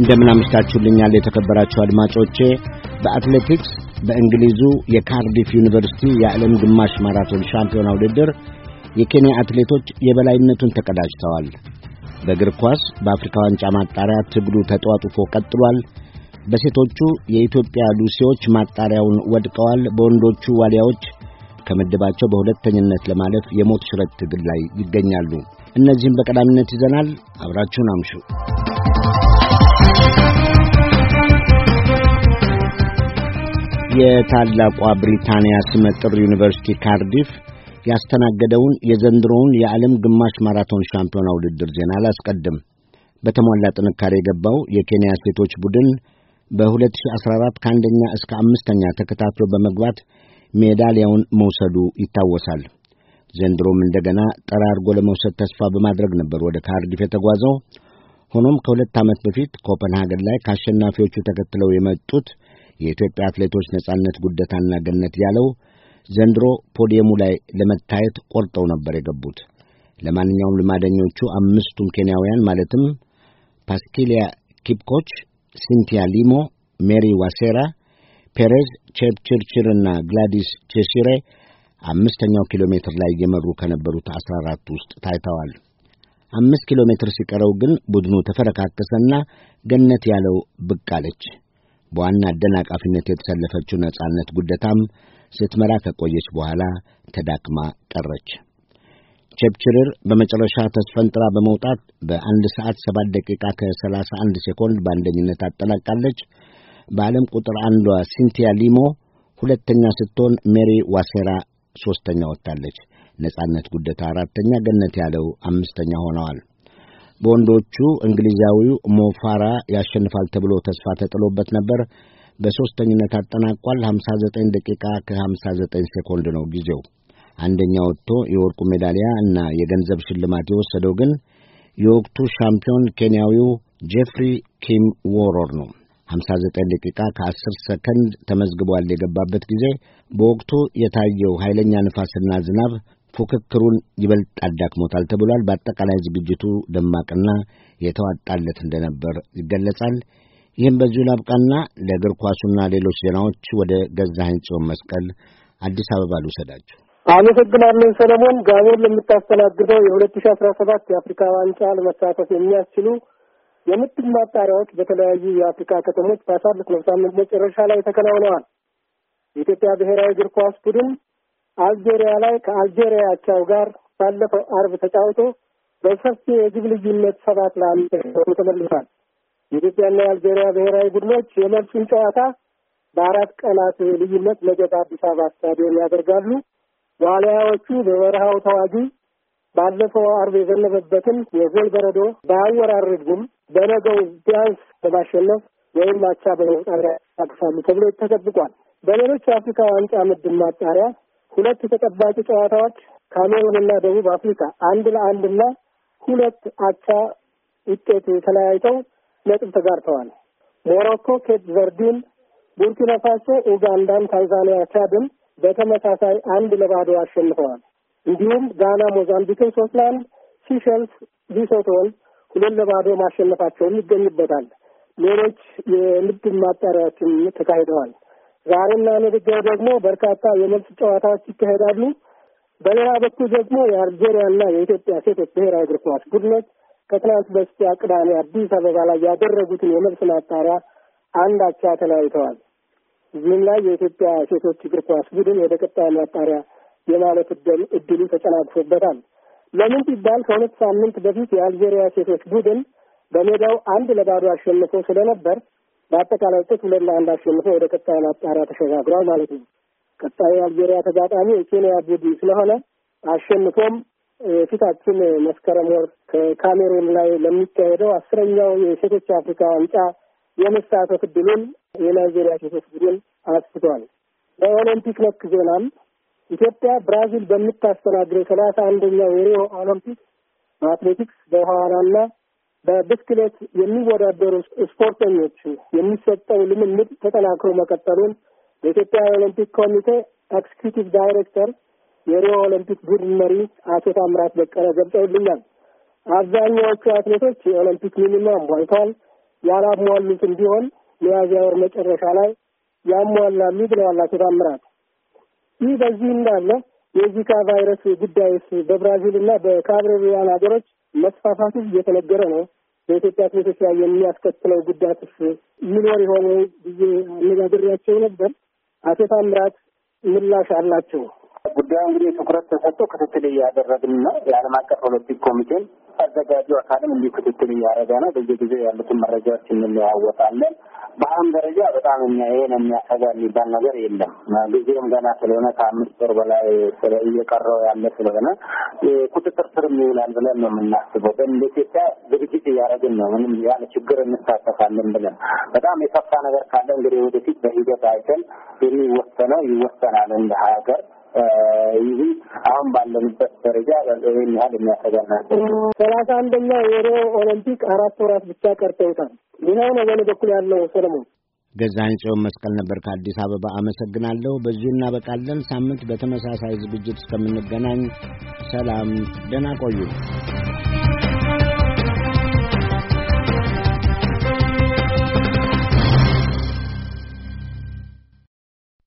እንደምን አምሽታችሁልኛል የተከበራችሁ አድማጮቼ። በአትሌቲክስ በእንግሊዙ የካርዲፍ ዩኒቨርሲቲ የዓለም ግማሽ ማራቶን ሻምፒዮና ውድድር የኬንያ አትሌቶች የበላይነቱን ተቀዳጅተዋል። በእግር ኳስ በአፍሪካ ዋንጫ ማጣሪያ ትግሉ ተጧጡፎ ቀጥሏል። በሴቶቹ የኢትዮጵያ ሉሲዎች ማጣሪያውን ወድቀዋል። በወንዶቹ ዋሊያዎች ከምድባቸው በሁለተኝነት ለማለፍ የሞት ሽረት ትግል ላይ ይገኛሉ። እነዚህም በቀዳሚነት ይዘናል። አብራችሁን አምሹ። የታላቋ ብሪታንያ ስመጥር ዩኒቨርሲቲ ካርዲፍ ያስተናገደውን የዘንድሮውን የዓለም ግማሽ ማራቶን ሻምፒዮና ውድድር ዜና አላስቀድም። በተሟላ ጥንካሬ የገባው የኬንያ ሴቶች ቡድን በ2014 ከአንደኛ እስከ አምስተኛ ተከታትሎ በመግባት ሜዳሊያውን መውሰዱ ይታወሳል። ዘንድሮም እንደገና ጠራርጎ ለመውሰድ ተስፋ በማድረግ ነበር ወደ ካርዲፍ የተጓዘው። ሆኖም ከሁለት ዓመት በፊት ኮፐንሃገን ላይ ከአሸናፊዎቹ ተከትለው የመጡት የኢትዮጵያ አትሌቶች ነጻነት ጉደታና ገነት ያለው ዘንድሮ ፖዲየሙ ላይ ለመታየት ቆርጠው ነበር የገቡት። ለማንኛውም ልማደኞቹ አምስቱም ኬንያውያን ማለትም ፓስኪሊያ ኪፕኮች፣ ሲንቲያ ሊሞ፣ ሜሪ ዋሴራ፣ ፔሬዝ ቼፕችርችር ግላዲስ ቼሲሬ አምስተኛው ኪሎ ሜትር ላይ እየመሩ ከነበሩት አስራ አራት ውስጥ ታይተዋል። አምስት ኪሎ ሜትር ሲቀረው ግን ቡድኑ ተፈረካከሰና ገነት ያለው ብቅ አለች። በዋና አደናቃፊነት የተሰለፈችው ነጻነት ጉደታም ስትመራ ከቆየች በኋላ ተዳክማ ቀረች። ቸብችርር በመጨረሻ ተስፈንጥራ በመውጣት በአንድ ሰዓት ሰባት ደቂቃ ከሰላሳ አንድ ሴኮንድ በአንደኝነት አጠናቃለች። በዓለም ቁጥር አንዷ ሲንቲያ ሊሞ ሁለተኛ ስትሆን ሜሪ ዋሴራ ሦስተኛ ወጥታለች። ነጻነት ጉደታ አራተኛ፣ ገነት ያለው አምስተኛ ሆነዋል። በወንዶቹ እንግሊዛዊው ሞፋራ ያሸንፋል ተብሎ ተስፋ ተጥሎበት ነበር። በሦስተኝነት አጠናቋል። 59 ደቂቃ ከ59 ሴኮንድ ነው ጊዜው። አንደኛ ወጥቶ የወርቁ ሜዳሊያ እና የገንዘብ ሽልማት የወሰደው ግን የወቅቱ ሻምፒዮን ኬንያዊው ጄፍሪ ኪም ዎሮር ነው። 59 ደቂቃ ከ10 ሰከንድ ተመዝግቧል የገባበት ጊዜ። በወቅቱ የታየው ኃይለኛ ንፋስና ዝናብ ፉክክሩን ይበልጥ አዳክሞታል ተብሏል። በአጠቃላይ ዝግጅቱ ደማቅና የተዋጣለት እንደነበር ይገለጻል። ይህም በዚሁ ላብቃና ለእግር ኳሱና ሌሎች ዜናዎች ወደ ገዛኸኝ ጽዮን መስቀል አዲስ አበባ ልውሰዳችሁ። አመሰግናለን ሰለሞን። ጋቦን ለምታስተናግደው የሁለት ሺ አስራ ሰባት የአፍሪካ ዋንጫ ለመሳተፍ የሚያስችሉ የምድብ ማጣሪያዎች በተለያዩ የአፍሪካ ከተሞች ባሳለፍነው ሳምንት መጨረሻ ላይ ተከናውነዋል። የኢትዮጵያ ብሔራዊ እግር ኳስ ቡድን አልጄሪያ ላይ ከአልጄሪያ አቻው ጋር ባለፈው አርብ ተጫውቶ በሰፊ የግብ ልዩነት ሰባት ለአንድ ተመልሷል። የኢትዮጵያና የአልጄሪያ ብሔራዊ ቡድኖች የመልሱን ጨዋታ በአራት ቀናት ልዩነት ነገ በአዲስ አበባ ስታዲየም ያደርጋሉ። ዋልያዎቹ በበረሃው ተዋጊ ባለፈው አርብ የዘነበበትን የጎል በረዶ ባያወራርድም በነገው ቢያንስ በማሸነፍ ወይም አቻ በመውጣት ያቅፋሉ ተብሎ ተጠብቋል። በሌሎች የአፍሪካ ዋንጫ ምድብ ማጣሪያ ሁለት ተጠባቂ ጨዋታዎች ካሜሩንና ደቡብ አፍሪካ አንድ ለአንድና ሁለት አቻ ውጤት ተለያይተው ነጥብ ተጋርተዋል። ሞሮኮ ኬፕ ቨርዲን፣ ቡርኪና ፋሶ ኡጋንዳን፣ ታንዛኒያ ቻድን በተመሳሳይ አንድ ለባዶ አሸንፈዋል። እንዲሁም ጋና ሞዛምቢክን ሶስት ለአንድ፣ ሲሸልስ ሊሶቶን ሁለት ለባዶ ማሸነፋቸውም ይገኝበታል። ሌሎች የምድብ ማጣሪያዎችም ተካሂደዋል። ዛሬና ነገ ደግሞ በርካታ የመልስ ጨዋታዎች ይካሄዳሉ። በሌላ በኩል ደግሞ የአልጄሪያና የኢትዮጵያ ሴቶች ብሔራዊ እግር ኳስ ቡድኖች ከትናንት በስቲያ ቅዳሜ አዲስ አበባ ላይ ያደረጉትን የመልስ ማጣሪያ አንድ አቻ ተለያይተዋል። እዚህም ላይ የኢትዮጵያ ሴቶች እግር ኳስ ቡድን ወደ ቀጣይ ማጣሪያ የማለፍ እድሉ ተጨናግፎበታል። ለምን ሲባል ከሁለት ሳምንት በፊት የአልጄሪያ ሴቶች ቡድን በሜዳው አንድ ለባዶ አሸንፎ ስለነበር በአጠቃላይ ውጤት ሁለት ለአንድ አሸንፎ ወደ ቀጣይ ማጣሪያ ተሸጋግሯል ማለት ነው። ቀጣይ የአልጄሪያ ተጋጣሚ የኬንያ ቡድን ስለሆነ አሸንፎም የፊታችን መስከረም ወር ከካሜሩን ላይ ለሚካሄደው አስረኛው የሴቶች አፍሪካ ዋንጫ የመሳተፍ እድሉን የናይጄሪያ ሴቶች ቡድን አስፍቷል። በኦሎምፒክ ነክ ዜናም ኢትዮጵያ ብራዚል በምታስተናግደው ሰላሳ አንደኛው የሪዮ ኦሎምፒክ በአትሌቲክስ በውሃ ዋናና በብስክሌት የሚወዳደሩ ስፖርተኞች የሚሰጠው ልምምድ ተጠናክሮ መቀጠሉን በኢትዮጵያ ኦሎምፒክ ኮሚቴ ኤክስኪዩቲቭ ዳይሬክተር የሪዮ ኦሎምፒክ ቡድን መሪ አቶ ታምራት በቀለ ገልጸውልኛል። አብዛኛዎቹ አትሌቶች የኦሎምፒክ ሚኒማ ሟልተዋል። ያላሟሉትም ቢሆን ሚያዝያ ወር መጨረሻ ላይ ያሟላሉ ብለዋል አቶ ታምራት። ይህ በዚህ እንዳለ የዚካ ቫይረስ ጉዳይስ በብራዚልና በካሪቢያን ሀገሮች መስፋፋቱ እየተነገረ ነው። በኢትዮጵያ አትሌቶች ላይ የሚያስከትለው ጉዳትስ ሚኖር የሆነ ብዬ አነጋግሬያቸው ነበር። አቶ ታምራት ምላሽ አላቸው። ጉዳዩ እንግዲህ ትኩረት ተሰጥቶ ክትትል እያደረግን ነው። የዓለም አቀፍ ኦሎምፒክ ኮሚቴን አዘጋጁ አካልም እንዲሁ ክትትል እያደረገ ነው። በየጊዜው ያሉትን መረጃዎች እንለዋወጣለን። በአሁን ደረጃ በጣም ይሄን የሚያሰጋ የሚባል ነገር የለም። ጊዜም ገና ስለሆነ ከአምስት ወር በላይ እየቀረው ያለ ስለሆነ ቁጥጥር ስር ይውላል ብለን ነው የምናስበው። እንደ ኢትዮጵያ ዝግጅት እያደረግን ነው። ምንም ያለ ችግር እንሳተፋለን ብለን በጣም የሰፋ ነገር ካለ እንግዲህ ወደፊት በሂደት አይተን የሚወሰነው ይወሰናል እንደ ሀገር ይህም አሁን ባለንበት ደረጃ ይህን ያህል የሚያሰጋና ሰላሳ አንደኛው የሮ ኦሎምፒክ አራት ወራት ብቻ ቀርተውታል። ሌላው ነው በእኔ በኩል ያለው ሰለሞን ገዛኝ ጽዮን መስቀል ነበር ከአዲስ አበባ አመሰግናለሁ። በዚሁ እናበቃለን። ሳምንት በተመሳሳይ ዝግጅት እስከምንገናኝ ሰላም፣ ደህና ቆዩ።